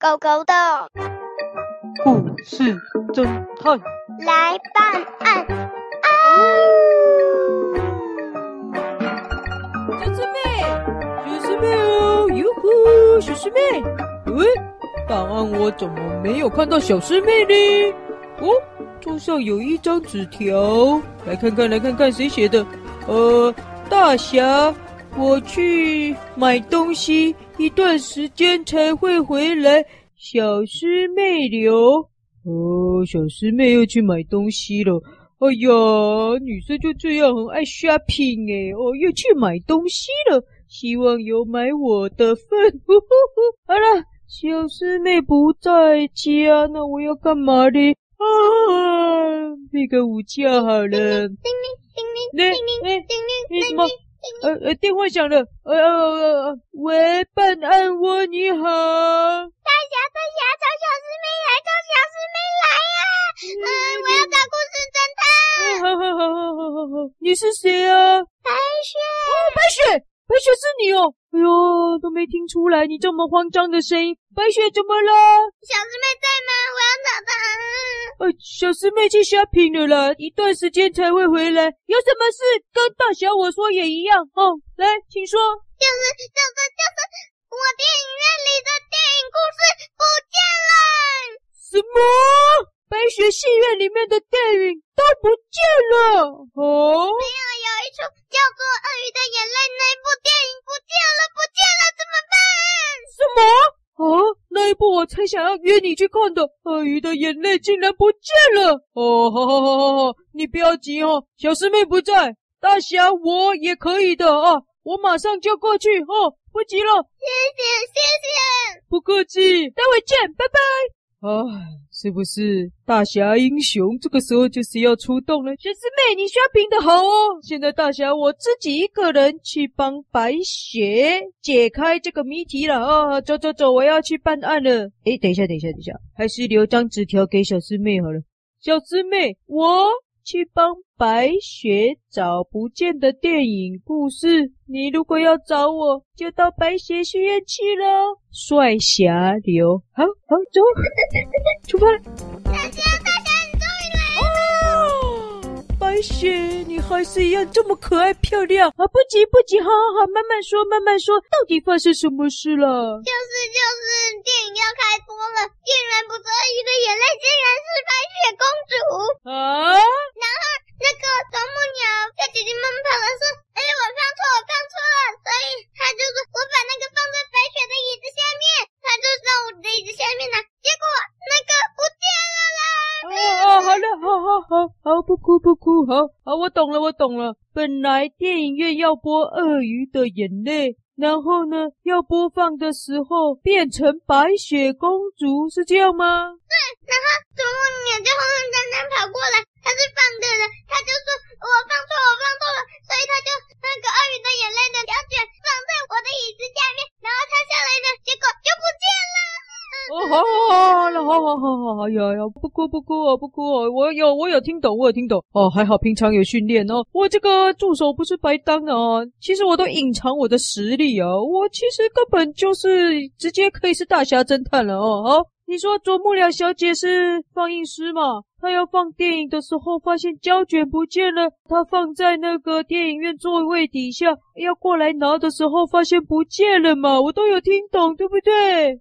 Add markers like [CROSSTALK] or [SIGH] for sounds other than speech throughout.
狗狗的故事偵探來辦案啊！嗯、小獅妹，小獅妹哦，喲呼，小獅妹，喂、嗯，辦案，我怎麼沒有看到小獅妹呢？哦，桌上有一張紙條，來看看，來看看誰寫的？呃，大俠。我去買東西，一段時間才會回來。小師妹留哦，小師妹又去買東西了。哎呀，女生就這樣，很愛 shopping 哎。哦，又去買東西了，希望有買我的份。好了，小師妹不在家，那我要幹嘛呢？啊，睡個午覺好了。叮鈴叮鈴，叮鈴叮鈴，叮鈴叮鈴，呃聽呃，電話響了，呃呃，喂，笨，案窩，你好，大俠，大俠，找小獅妹來，找小獅妹來呀、啊，嗯，欸欸欸、我要找故事偵探，哈哈哈哈哈哈，你是誰啊？白雪，哦，白雪，白雪是你哦，哎呦。聽出來你這麼慌張的聲音，白雪怎麼了？小師妹在嗎？我要找她、嗯嗯。呃、哎，小師妹去 shopping 了啦，一段時間才會回來。有什麼事跟大俠我說也一樣哦。來，請說。就是就是就是，我電影院裡的電影故事不見了。什麼？白雪戲院裡面的電影都不見了？好、哦。沒有。有一出叫做《鱷魚的眼淚》，那一部電影不見了，不見了，怎麼辦？什麼啊？那一部我才想要約你去看的《鱷魚的眼淚》竟然不見了！哦，好好好好好，你不要急哦，小師妹不在，大俠我也可以的啊、哦，我馬上就過去哦，不急了。謝謝，謝謝，不客氣，待會見，拜拜。啊，是不是大俠英雄這個時候就是要出動了？小師妹，你刷屏的好哦！現在大俠我自己一個人去幫白雪解開這個謎題了啊！走走走，我要去辦案了。哎、欸，等一下，等一下，等一下，還是留張紙條給小師妹好了。小師妹，我。去幫白雪找不見的電影故事。你如果要找我，就到白雪學院去咯。帥俠流，好、啊、好、啊、走， [LAUGHS] 出發。還是一樣這麼可愛漂亮，啊不急不急，好好好，慢慢說慢慢說，到底發生什麼事了？就是就是，電影要開播了，竟然不是鱷魚的眼淚，竟然是白雪公主啊！然後那個啄木烏小姐姐們跑來說：“哎我放錯我放錯了。”所以他就說，是：“我把那個放在白雪的椅子下面，他就在我的椅子下面呢。結果。”好好，好，不哭不哭，好好我懂了我懂了。本來電影院要播《鱷魚的眼淚》，然後呢，要播放的時候變成《白雪公主》，是這樣嗎？對。然後啄木鳥就慌慌張張跑過來，他是放的人，他就說我放錯，我放錯了，所以他就那個鱷魚的眼淚的膠卷放在我的椅子下面，然後他下來呢，結果就不見了。哦，好,好，好，好,好，好，好,好，好，好，好，好，哎呀呀，不哭，不哭，不哭，我有，我有聽懂，我有聽懂哦，還好平常有訓練哦，我這個助手不是白當啊，其實我都隱藏我的實力啊，我其實根本就是直接可以是大俠偵探了哦，好、哦，你說啄木烏小姐是放映師嗎？他要放電影的時候，發現膠卷不見了。他放在那個電影院座位底下，要過來拿的時候，發現不見了嘛？我都有聽懂，對不對？對對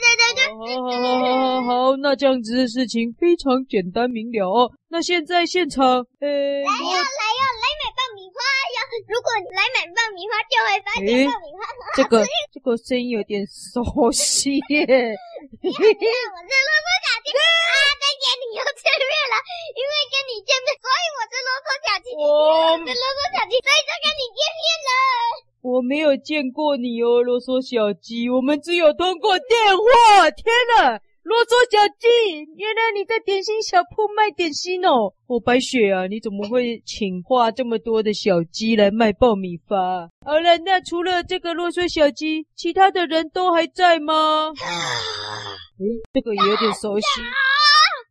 對對對、啊。好，好，好，對對對對好，好，好，好。那這樣子的事情非常簡單明了，哦。那現在現場，誒、欸，來呀，我來呀，來買爆米花呀！如果你來買爆米花，就會發現爆米花很好吃，欸。這個這個聲音有點熟悉耶。你好，你好，我是囉嗦小雞啊！再見，你又見面了。因為跟你見面，所以我是囉嗦小雞。我，我是囉嗦小雞，所以就跟你見面了。我沒有見過你哦，囉嗦小雞。我們只有通過電話。天哪、啊！囉嗦小雞，原來你在點心小鋪賣點心哦！我、哦、白雪啊，你怎麼會請畫這麼多的小雞來賣爆米花、啊？好了，那除了這個囉嗦小雞，其他的人都還在嗎？哎、嗯，這個也有點熟悉。啊。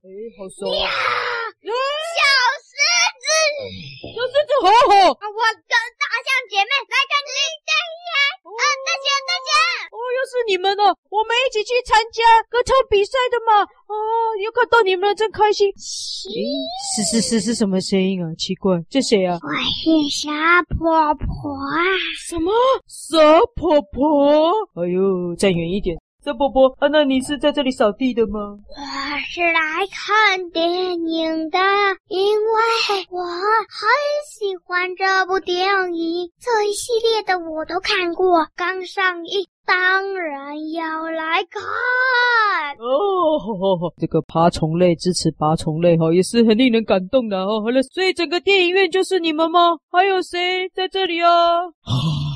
哎，好熟、哦。爽、嗯！小。這獅子好好，啊！我跟大象姐妹來這哦，又是你們呢，我們一起去參加歌唱比賽的嘛！哦，有看到你們了，真開心。誰是是是是什麼聲音啊？奇怪，這誰啊？我是傻婆婆。什麼傻婆婆？哎呦，站遠一點。伯伯，安、啊、娜，那你是在這裡掃地的嗎？我是來看電影的，因為我很喜歡這部電影，這一系列的我都看過，剛上映，當然要來看。哦呵呵，這個爬蟲類支持爬蟲類哈、哦，也是很令人感動的哦。好了，所以整個電影院就是你們嗎？還有誰在這裡哦、啊？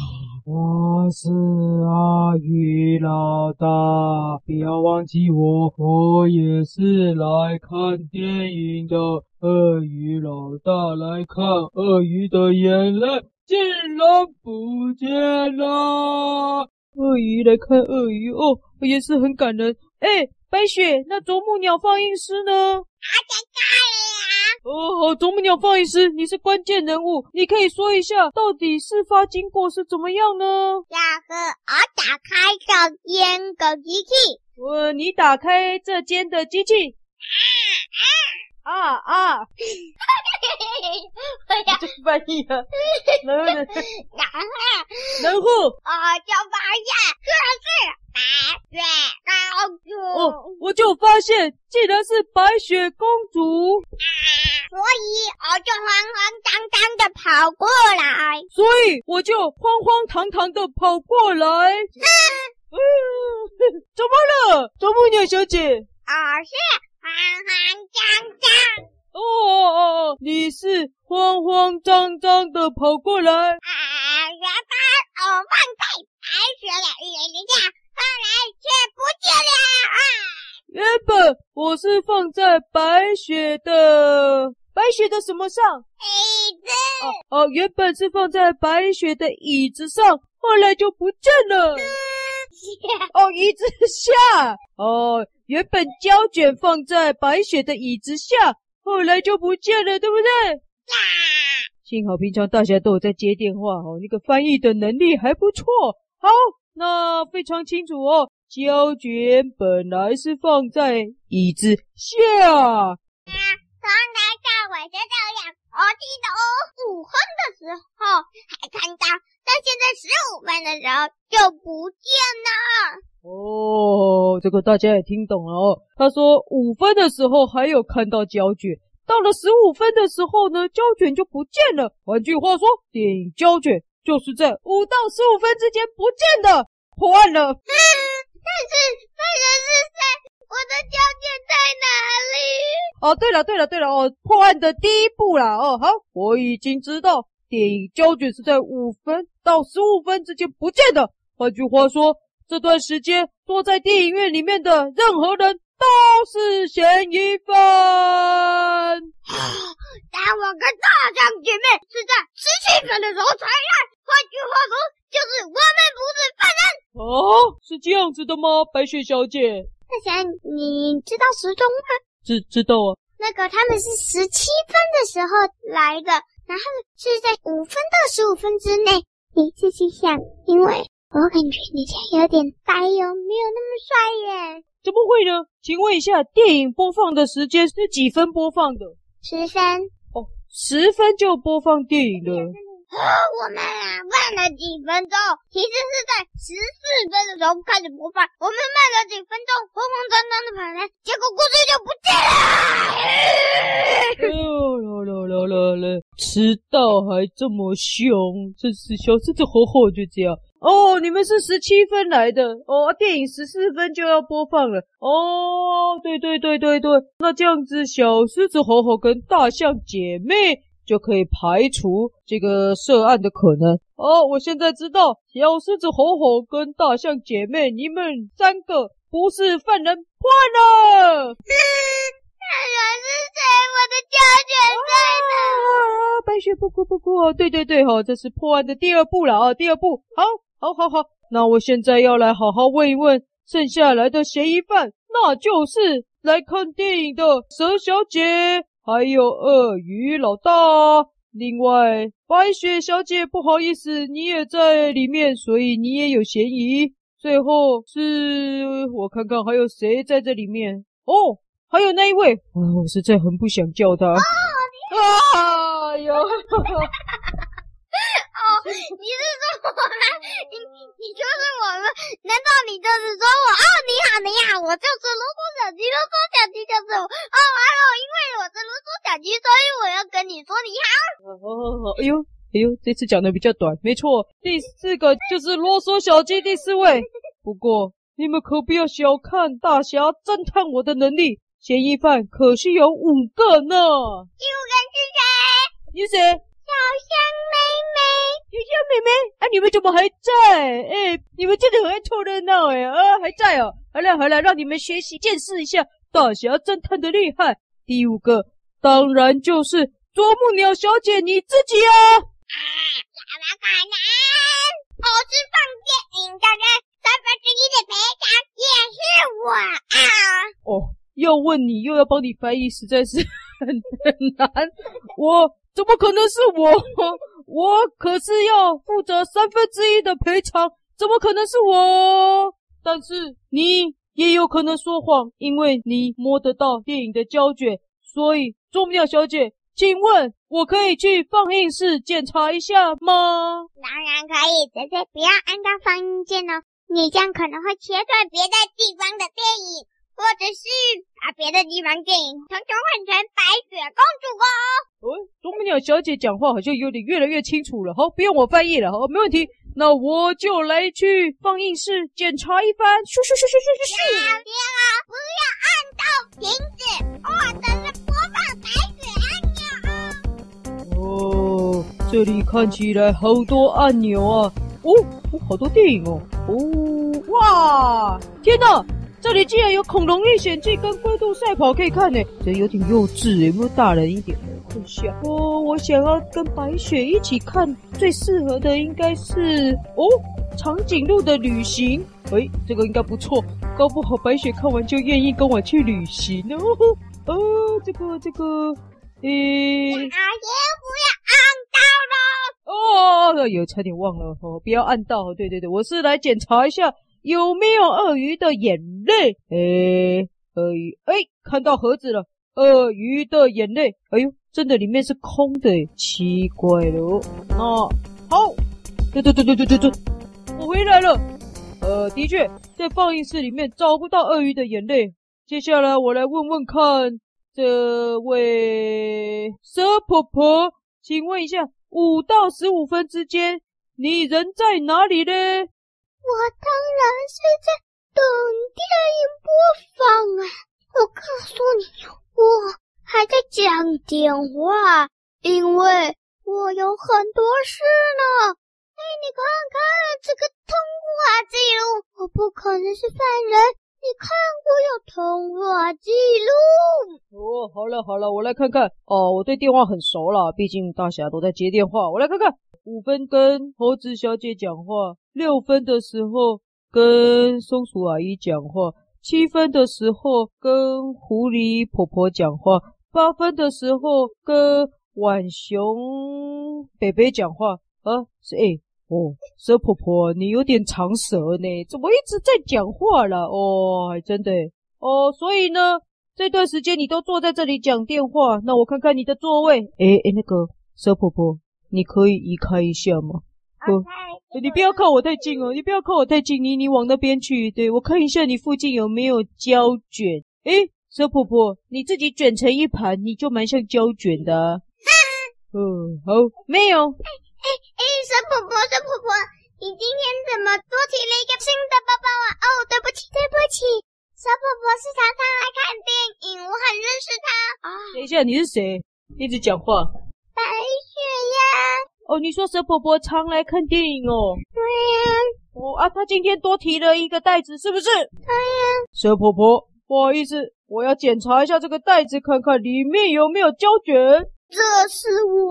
我是鱷魚老大，不要忘記我，我也是來看電影的。鱷魚老大來看，鱷魚的眼淚竟然不見了。鱷魚來看鱷魚哦，我也是很感人。哎。白雪，那啄木鳥放映師呢？我在這裡啊。哦，好，啄木鳥放映師，你是關鍵人物，你可以說一下，到底事發經過是怎麼樣呢？要是我打開這間的機器，我、嗯、你打開這間的機器。嗯嗯啊啊！哈哈我呀，能不能？能啊！能乎？啊，我發現居、oh, 然是白雪公主。哦，我就發現居然是白雪公主。啊，所以我就慌慌張張的跑過來。所以我就慌慌堂堂的跑過來、 [LAUGHS] [LAUGHS] 哎。怎麼了，啄木鳥小姐？ [LAUGHS] 啊，是。慌慌張張哦，哦，哦，你是慌慌張張的跑過來。啊，原本我放在白雪的椅子下，後來卻不見了。啊，原本我是放在白雪的白雪的什麼上？椅子哦哦，啊啊，原本是放在白雪的椅子上，後來就不見了。嗯、哦，椅子下哦。啊原本膠卷放在白雪的椅子下，後來就不見了，對不對？啊，幸好平常大家都有在接電話哦。那個翻譯的能力還不錯，好，那非常清楚哦。膠卷本來是放在椅子下。啊，從早上我接到兩個鐘頭五分的時候，還看到，到現在十五分的時候就不見了。哦，這個大家也聽懂了哦。他說，五分的時候還有看到膠卷，到了十五分的時候呢，膠卷就不見了。換句話說，電影膠卷就是在五到十五分之間不見的。破案了！嗯，但是犯人是誰？我的膠卷在哪裡？哦，對了，對了，對了哦，破案的第一步啦哦。好，我已經知道，電影膠卷是在五分到十五分之間不見的。換句話說。這段時間坐在電影院裡面的任何人都是嫌疑犯。啊！但我跟大象姊妹是在十七分的時候才來，換句話說，就是我們不是犯人哦。是這樣子的嗎，白雪小姐？大強，你知道時鐘嗎？知知道啊。那個他們是十七分的時候來的，然後是在五分到十五分之內。你自己想，因為。我感覺你家有點呆哦，沒有那麼帥耶，怎麼會呢？請問一下，電影播放的時間是幾分播放的？十三。哦，十分就播放電影了。啊，我們慢了幾分鐘，其實是在十四分的時候開始播放。我們慢了幾分鐘，慌慌張張的跑來，結果故事就不見了。啦啦啦啦啦啦！遲到還這麼凶，真是小獅子吼吼就這樣。哦，你們是十七分來的哦。電影十四分就要播放了哦。對對對對對，那這樣子，小獅子吼吼跟大象姐妹就可以排除這個涉案的可能哦。我現在知道，小獅子吼吼跟大象姐妹，你們三個不是犯人，啊，換了你。犯人是誰？我的膠卷在哪？啊，白雪不哭不哭哦，啊。對對對，哦，吼，這是破案的第二步了啊。第二步，好。好，好，好，那我現在要來好好問一問剩下來的嫌疑犯，那就是來看電影的蛇小姐，還有鱷魚老大，另外白雪小姐，不好意思，你也在裡面，所以你也有嫌疑。最後是，我看看還有誰在這裡面。哦，還有那一位，啊，我實在很不想叫他，啊、oh, dear. 哎呀，喲，哈哈。哎呀，我就是囉嗦小雞，囉嗦小雞就是我。哦，完了，因為我是囉嗦小雞，所以我要跟你說你好。好好好，哎呦，哎呦，這次講的比較短，沒錯。第四個就是囉嗦小雞第四位。不過你們可不要小看大俠偵探我的能力，嫌疑犯可是有五個呢。第五個是誰？你是誰？你們怎麼還在？哎、欸，你們真的很愛湊熱鬧哎！啊，還在啊、喔！還來，還來，讓你們學習見識一下大俠偵探的厲害。第五個，當然就是啄木烏小姐你自己啊！啊，怎麼可能？我是放電影的，大概三分之一的賠償也是我啊！哦，要問你又要幫你翻譯，實在是很很難。我怎麼可能是我？我可是要負責三分之一的賠償，怎麼可能是我？但是你也有可能說謊，因為你摸得到電影的膠卷，所以啄木烏小姐，請問我可以去放映室檢查一下嗎？當然可以，直接不要按到放映鍵哦，你這樣可能會切斷別的地方的電影。或者是把別的地方電影通通換成《白雪公主》哦。哦，啄木鳥小姐講話好像有點越來越清楚了。好，不用我翻譯了。好，沒問題。那我就來去放映室檢查一番。噓噓噓噓噓噓噓，不要按到停止，我等在播放白雪按鈕哦。哦，這裡看起來好多按鈕啊！哦，有、哦、好多電影哦！哦，哇，天哪！這裡竟然有《恐龍歷險記》跟《龜兔賽跑》可以看呢，這裡有點幼稚，有沒有大人一點。我想哦，我想要跟白雪一起看，最適合的應該是哦《長頸鹿的旅行》哎、欸，這個應該不錯，搞不好白雪看完就願意跟我去旅行呢、哦。哦，這個這個，誒、欸，啊，也不要按到了哦，有、哎、差點忘了哦，不要按到，對對對，我是來檢查一下。有沒有鱷魚的眼淚？哎、欸，鱷魚哎、欸，看到盒子了。鱷魚的眼淚，哎呦，真的裡面是空的，奇怪了。那、啊、好，對對對對對對，我回來了。呃，的確，在放映室裡面找不到鱷魚的眼淚。接下來我來問問看，這位蛇婆婆，請問一下，五到十五分之間，你人在哪裡呢？我當然是在等電影播放啊，我告訴你，我還在講電話，因為我有很多事呢。哎，你看看這個通話記錄，我不可能是犯人。你看，我有通話記錄。哦，好了好了，我來看看。哦，我對電話很熟了，畢竟大俠都在接電話。我來看看，五分跟猴子小姐講話，六分的時候跟松鼠阿姨講話，七分的時候跟狐狸婆婆講話，八分的時候跟浣熊北北講話。啊，是。哦、蛇婆婆，你有點長舌呢，怎麼一直在講話了？哦，真的。哦，所以呢，這段時間你都坐在這裡講電話。那我看看你的座位。哎哎、欸欸，那個蛇婆婆，你可以移開一下嗎？哦，你不要靠我太近哦，你不要靠我太近。你你往那邊去，對，我看一下你附近有沒有膠卷。哎、欸，蛇婆婆，你自己捲成一盤，你就蠻像膠卷的、啊。嗯， [LAUGHS] 好，沒有。蛇婆婆，蛇婆婆，你今天怎麼多提了一個新的包包啊？哦，對不起，對不起。蛇婆婆是常常來看電影，我很認識她。啊、等一下，你是誰？你一直講話。白雪呀。哦，你說蛇婆婆常來看電影哦？對呀。哦啊，她今天多提了一個袋子，是不是？對呀。蛇婆婆，不好意思，我要檢查一下這個袋子，看看裡面有沒有膠卷。這是我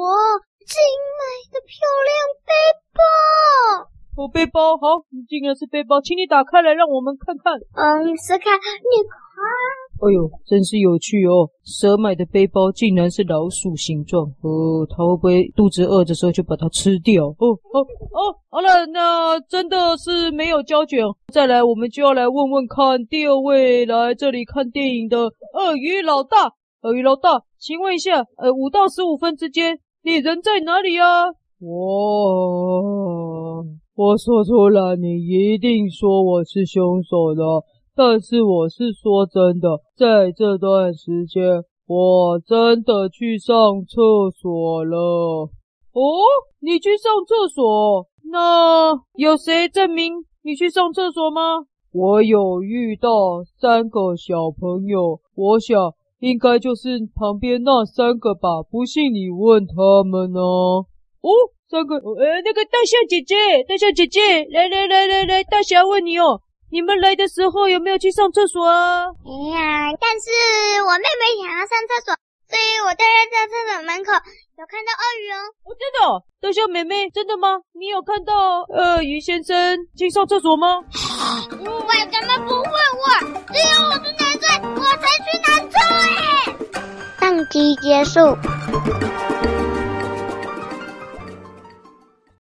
新買的漂亮。我背包好，你竟然是背包。請你打開來，讓我們看看。嗯、呃，你撕開，你看，哎呦，真是有趣哦！蛇買的背包竟然是老鼠形狀，哦、呃，它會不會肚子餓的時候就把它吃掉？哦哦哦，好了，那真的是沒有膠卷。再來，我們就要來問問看第二位來這裡看電影的鱷魚老大。鱷魚老大，請問一下，呃，五到十五分之間，你人在哪裡呀、啊？哇我說出來，你一定說我是凶手的。但是我是說真的，在這段時間，我真的去上廁所了。哦，你去上廁所？那有誰證明你去上廁所嗎？我有遇到三個小朋友，我想應該就是旁邊那三個吧。不信你問他們呢。哦。那個，呃，那個大象姐姐，大象姐姐，來來來來來，大俠問你哦，你們來的時候有沒有去上廁所啊？沒、哎、呀但是我妹妹想要上廁所，所以我待在在廁所門口，有看到鱷魚哦。真、哦、的、哦，大象妹妹，真的嗎？你有看到鱷、呃、魚先生去上廁所嗎？ [LAUGHS] 我怎麼不會？我只有我是男生，我才去男廁。上集結束。